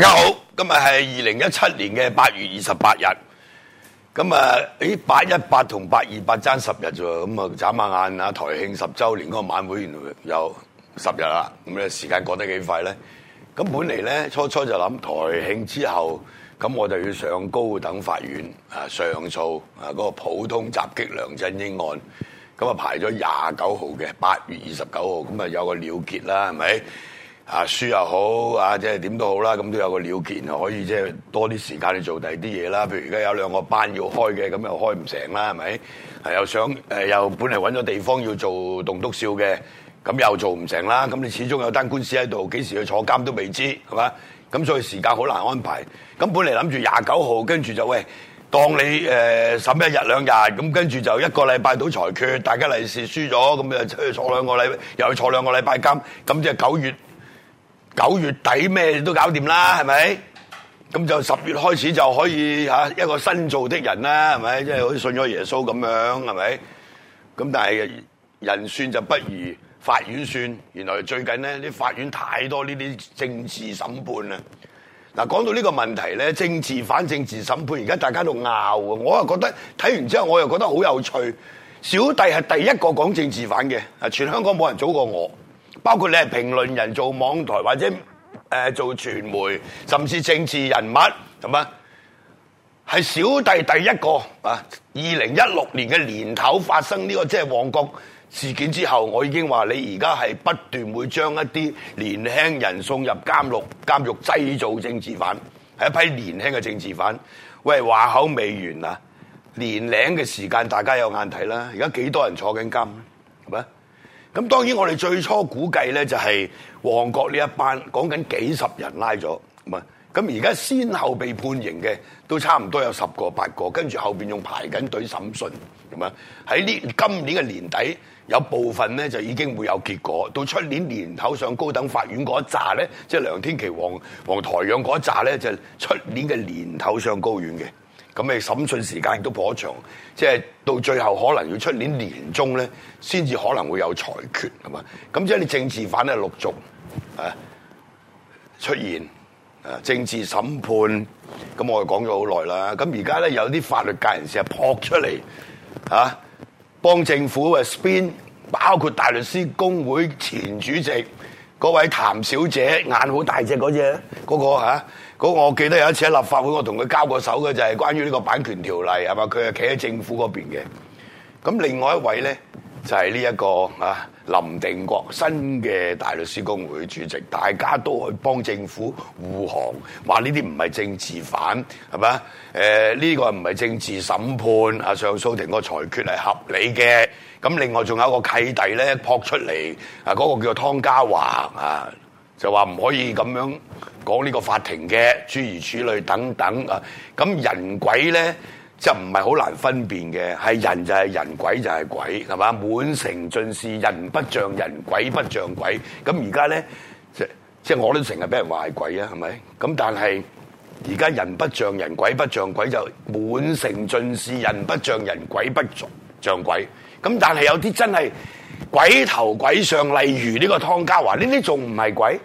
大家好，今日係二零一七年嘅八月二十八日，咁啊，誒，八一八同八二八爭十日咋，咁啊，眨下眼啊，台慶十周年嗰個晚會原來有十日啦，咁咧時間過得幾快咧？咁本嚟咧，初初就諗台慶之後，咁我就要上高等法院啊上訴啊嗰個普通襲擊梁振英案，咁啊排咗廿九號嘅八月二十九號，咁啊有個了結啦，係咪？啊，輸又好，啊即係點都好啦，咁都有個了結，可以即係多啲時間去做第二啲嘢啦。譬如而家有兩個班要開嘅，咁又開唔成啦，係咪？係又想誒，又、呃、本嚟揾咗地方要做棟篤笑嘅，咁又做唔成啦。咁你始終有單官司喺度，幾時去坐監都未知，係咪？咁所以時間好難安排。咁本嚟諗住廿九號，跟住就喂當你誒、呃、審一日兩日，咁跟住就一個禮拜到裁決，大家利是輸咗，咁又出去坐兩個禮，又去坐兩個禮拜監，咁即係九月。九月底咩都搞掂啦，係咪？咁就十月開始就可以嚇一個新造的人啦，係咪？即係好似信咗耶穌咁樣，係咪？咁但係人算就不如法院算。原來最近呢，啲法院太多呢啲政治審判啦。嗱，講到呢個問題呢，政治犯政治審判，而家大家都拗，我，我又覺得睇完之後，我又覺得好有趣。小弟係第一個講政治犯嘅，啊，全香港冇人早過我。包括你係評論人，做網台或者誒、呃、做傳媒，甚至政治人物，係嘛？係小弟第一個啊！二零一六年嘅年頭發生呢、這個即係、就是、旺角事件之後，我已經話你而家係不斷會將一啲年輕人送入監獄，監獄製造政治犯，係一批年輕嘅政治犯。喂，話口未完啊，年齡嘅時間大家有眼睇啦。而家幾多人坐緊監？係咪？咁當然我哋最初估計咧就係旺角呢一班講緊幾十人拉咗，唔係，咁而家先後被判刑嘅都差唔多有十個八個，跟住後邊仲排緊隊審訊，咁樣喺呢今年嘅年底有部分咧就已經會有結果，到出年年頭上高等法院嗰一紮咧，即係梁天琦、黃黃台仰嗰一紮咧就係出年嘅年頭上高院嘅。咁你審訊時間亦都頗長，即係到最後可能要出年年中咧，先至可能會有裁決，係嘛？咁即係你政治犯咧陸續啊出現，啊政治審判，咁我哋講咗好耐啦。咁而家咧有啲法律界人士啊撲出嚟去幫政府啊 spin，包括大律師公會前主席。嗰位譚小姐眼好大隻嗰隻、嗰個，嗰、嗰個嚇，嗰、嗰個我記得有一次喺立法會，我同佢交過手嘅就係、是、關於呢個版權條例係嘛，佢係企喺政府嗰邊嘅。咁另外一位咧就係呢一個嚇林定國新嘅大律師公會主席，大家都去幫政府護航，話呢啲唔係政治犯係嘛？誒呢、呃呢個唔係政治審判，阿上訴庭個裁決係合理嘅。咁另外仲有個契弟咧，撲出嚟啊！嗰個叫做湯家華啊，就話唔可以咁樣講呢個法庭嘅諸如此類等等啊。咁人鬼咧就唔係好難分辨嘅，係人就係人，鬼就係鬼，係嘛？滿城盡是人不像人，鬼不像鬼。咁而家咧，即即我都成日俾人話係鬼啊，係咪？咁但係而家人不像人，鬼不像鬼，就滿城盡是人不像人，鬼不像鬼。咁但係有啲真係鬼頭鬼上，例如呢個湯家驊呢啲仲唔係鬼？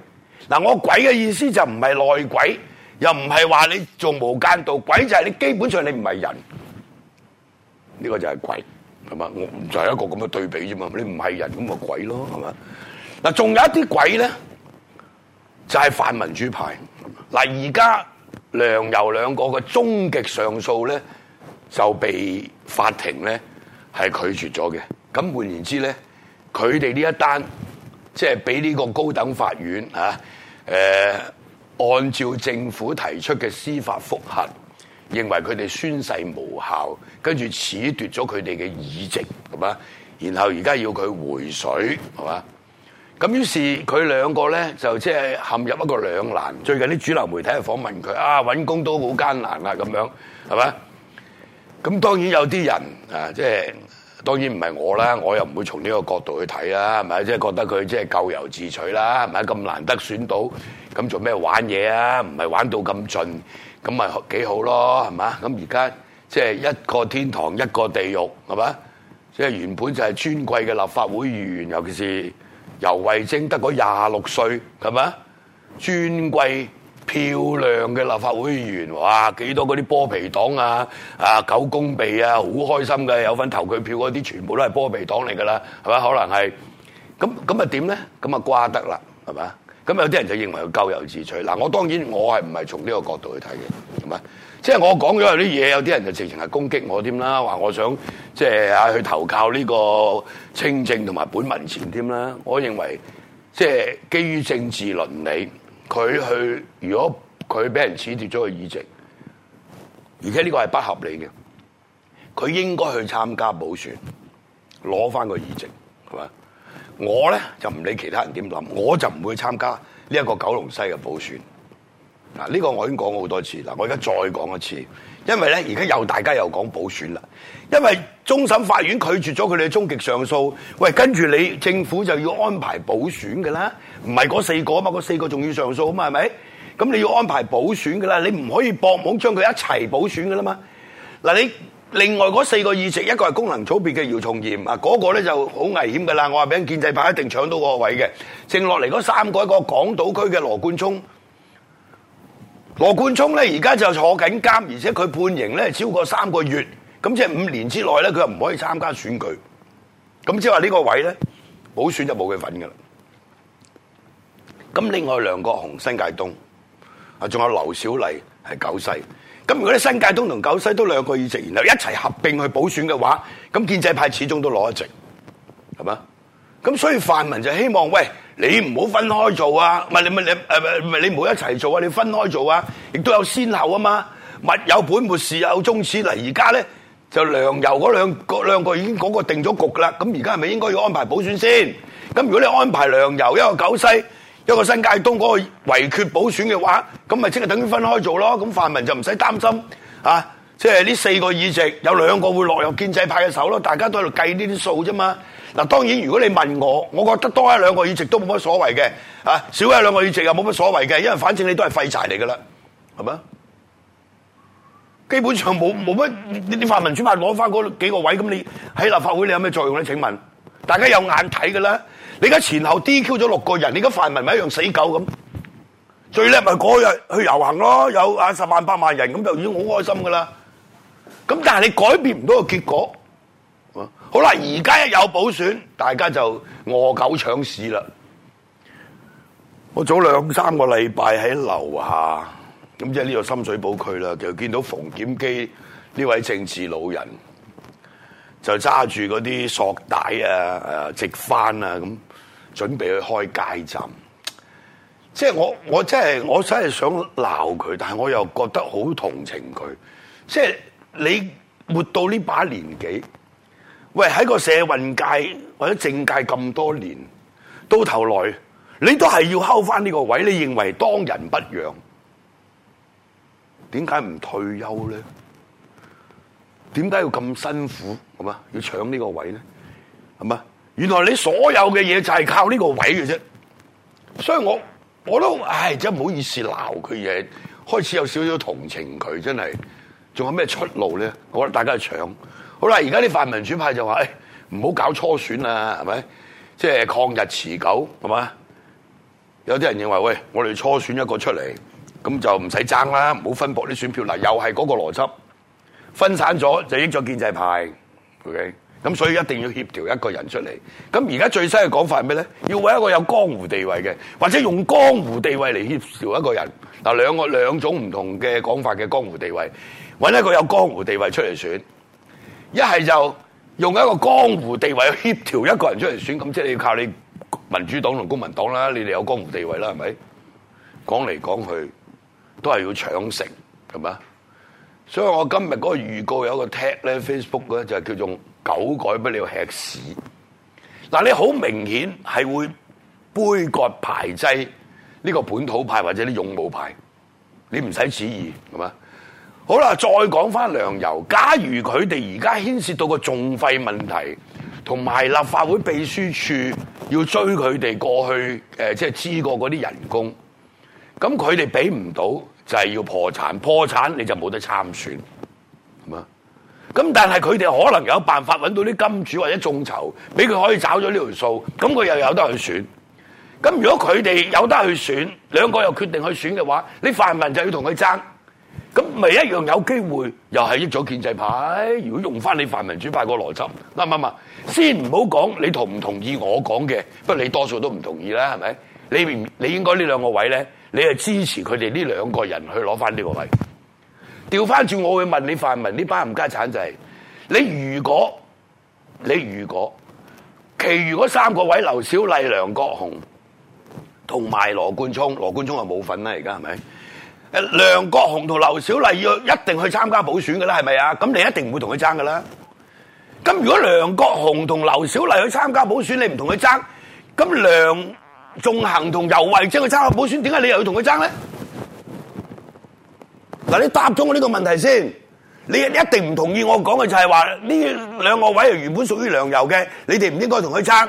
嗱，我鬼嘅意思就唔係內鬼，又唔係話你做無間道鬼，就係你基本上你唔係人，呢、這個就係鬼，係嘛？就係一個咁嘅對比啫嘛，你唔係人咁咪鬼咯，係嘛？嗱，仲有一啲鬼咧，就係、是、泛民主派。嗱，而家梁游兩個嘅終極上訴咧，就被法庭咧，係拒絕咗嘅，咁換言之咧，佢哋呢一單即係俾呢個高等法院嚇，誒、啊呃、按照政府提出嘅司法覆核，認為佢哋宣誓無效，跟住褫奪咗佢哋嘅議席，係嘛？然後而家要佢回水，係嘛？咁於是佢兩個咧，就即係陷入一個兩難。最近啲主流媒體去訪問佢，啊，揾工都好艱難啦，咁樣係嘛？咁當然有啲人啊，即係當然唔係我啦，我又唔會從呢個角度去睇啦，係咪？即係覺得佢即係咎由自取啦，係咪？咁難得選到，咁做咩玩嘢啊？唔係玩到咁盡，咁咪幾好咯，係咪？咁而家即係一個天堂一個地獄，係咪？即係原本就係尊貴嘅立法會議員，尤其是游蕙禎得個廿六歲，係咪？尊貴。漂亮嘅立法會議員，哇！幾多嗰啲波皮黨啊，啊狗公庇啊，好開心嘅，有份投佢票嗰啲，全部都係波皮黨嚟㗎啦，係咪？可能係咁咁啊？點咧？咁啊瓜得啦，係咪？咁有啲人就認為佢咎由自取。嗱、啊，我當然我係唔係從呢個角度去睇嘅，係咪？即係我講咗有啲嘢，有啲人就直情係攻擊我添啦，話我想即係嗌去投靠呢個青政同埋本民前添啦。我認為即係基於政治倫理。佢去，如果佢俾人褫奪咗個議席，而且呢個係不合理嘅，佢應該去參加補選，攞翻個議席，係嘛？我咧就唔理其他人點諗，我就唔會參加呢一個九龍西嘅補選。嗱，呢個我已經講過好多次，嗱，我而家再講一次，因為咧，而家又大家又講補選啦，因為終審法院拒絕咗佢哋嘅終極上訴，喂，跟住你政府就要安排補選嘅啦，唔係嗰四個啊嘛，嗰四個仲要上訴啊嘛，係咪？咁你要安排補選嘅啦，你唔可以搏懵將佢一齊補選嘅啦嘛。嗱，你另外嗰四個議席，一個係功能組別嘅姚松炎啊，嗰、那個咧就好危險嘅啦，我話俾你建制派一定搶到個位嘅，剩落嚟嗰三個，一個港島區嘅羅冠聰。羅冠聰咧而家就坐緊監，而且佢判刑咧超過三個月，咁即係五年之內咧佢又唔可以參加選舉，咁即係話呢個位咧補選就冇佢份噶啦。咁另外梁國雄、新界東啊，仲有劉小麗係九西。咁如果啲新界東同九西都兩個議席，然後一齊合併去補選嘅話，咁建制派始終都攞一席，係嘛？咁所以泛民就希望喂，你唔好分開做啊，唔係你咪你誒唔係你唔好一齊做啊，你分開做啊，亦都有先後啊嘛，物有本末，事有終始。嗱，而家咧就梁游嗰兩個已經嗰、嗰個定咗局啦，咁而家係咪應該要安排補選先？咁如果你安排梁游一個九西一個新界東嗰個遺缺補選嘅話，咁咪即係等於分開做咯，咁泛民就唔使擔心啊。即係呢四個議席，有兩個會落入建制派嘅手咯。大家都喺度計呢啲數啫嘛。嗱，當然如果你問我，我覺得多一兩個議席都冇乜所謂嘅。啊，少一兩個議席又冇乜所謂嘅，因為反正你都係廢柴嚟噶啦，係咪？基本上冇冇乜呢啲泛民主派攞翻嗰幾個位，咁你喺立法會你有咩作用咧？請問大家有眼睇噶啦。你而家前後 DQ 咗六個人，你而家泛民咪一樣死狗咁？最叻咪嗰日去遊行咯，有啊十萬八萬人咁就已經好開心噶啦。咁但係你改變唔到個結果，好，好啦，而家一有補選，大家就餓狗搶屎啦！我早兩三個禮拜喺樓下，咁即係呢個深水埗區啦，就見到馮檢基呢位政治老人，就揸住嗰啲索帶啊、誒，直幡啊咁，準備去開街站。即係我，我真係我真係想鬧佢，但係我又覺得好同情佢，即係。你活到呢把年紀，喂喺個社運界或者政界咁多年，到頭來你都係要敲翻呢個位，你認為當仁不讓，點解唔退休咧？點解要咁辛苦？係嘛，要搶呢個位咧？係嘛？原來你所有嘅嘢就係靠呢個位嘅啫，所以我我都唉，真唔好意思鬧佢嘢，開始有少少同情佢，真係。仲有咩出路咧？我覺得大家係搶好啦。而家啲泛民主派就話，誒唔好搞初選啊，係咪？即係抗日持久，係嘛？有啲人認為，喂，我哋初選一個出嚟，咁就唔使爭啦，唔好分薄啲選票。嗱，又係嗰個邏輯，分散咗就益咗建制派。OK，咁所以一定要協調一個人出嚟。咁而家最新嘅講法係咩咧？要揾一個有江湖地位嘅，或者用江湖地位嚟協調一個人。嗱，兩個兩種唔同嘅講法嘅江湖地位。揾一個有江湖地位出嚟選，一係就用一個江湖地位去協調一個人出嚟選，咁即係要靠你民主黨同公民黨啦，你哋有江湖地位啦，係咪？講嚟講去都係要搶食，係咪？所以我今日嗰個預告有一個 tag 咧，Facebook 咧就係叫做狗改不了吃屎。嗱，你好明顯係會杯葛排擠呢個本土派或者啲勇武派，你唔使旨意，係咪。好啦，再講返梁游。假如佢哋而家牽涉到個重費問題，同埋立法會秘書處要追佢哋過去，誒、呃，即係知過嗰啲人工，咁佢哋俾唔到，就係、是、要破產。破產你就冇得參選，係嘛？咁但係佢哋可能有辦法揾到啲金主或者眾籌，俾佢可以找咗呢條數，咁佢又有得去選。咁如果佢哋有得去選，兩個又決定去選嘅話，你泛民就要同佢爭。咁咪一樣有機會又係益咗建制派。如果用翻你泛民主派個邏輯，啱唔啱？先唔好講你同唔同意我講嘅，不過你多數都唔同意啦，係咪？你明？你應該呢兩個位咧，你係支持佢哋呢兩個人去攞翻呢個位。調翻轉，我會問你泛民呢班冚家鏟就係你。如果你如果，你如果其餘嗰三個位，劉小麗、梁國雄同埋羅冠聰，羅冠聰啊冇份啦，而家係咪？誒，梁國雄同劉小麗要一定去參加補選嘅啦，係咪啊？咁你一定唔會同佢爭嘅啦。咁如果梁國雄同劉小麗去參加補選，你唔同佢爭，咁梁頌恆同游蕙禎去參加補選，點解你又要同佢爭咧？嗱，你答咗我呢個問題先，你一定唔同意我講嘅就係話呢兩個位原本屬於梁游嘅，你哋唔應該同佢爭。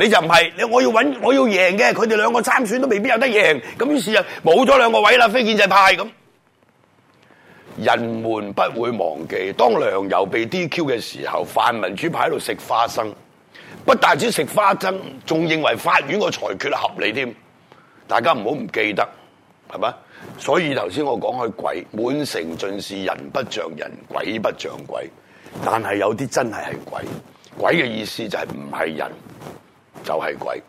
你就唔係你，我要揾，我要贏嘅，佢哋兩個參選都未必有得贏，咁於是就冇咗兩個位啦，非建制派咁。人們不會忘記，當梁游被 DQ 嘅時候，泛民主派喺度食花生，不但止食花生，仲認為法院個裁決合理添。大家唔好唔記得，係咪？所以頭先我講開鬼，滿城盡是人不像人，鬼不像鬼，但係有啲真係係鬼。鬼嘅意思就係唔係人。就係鬼。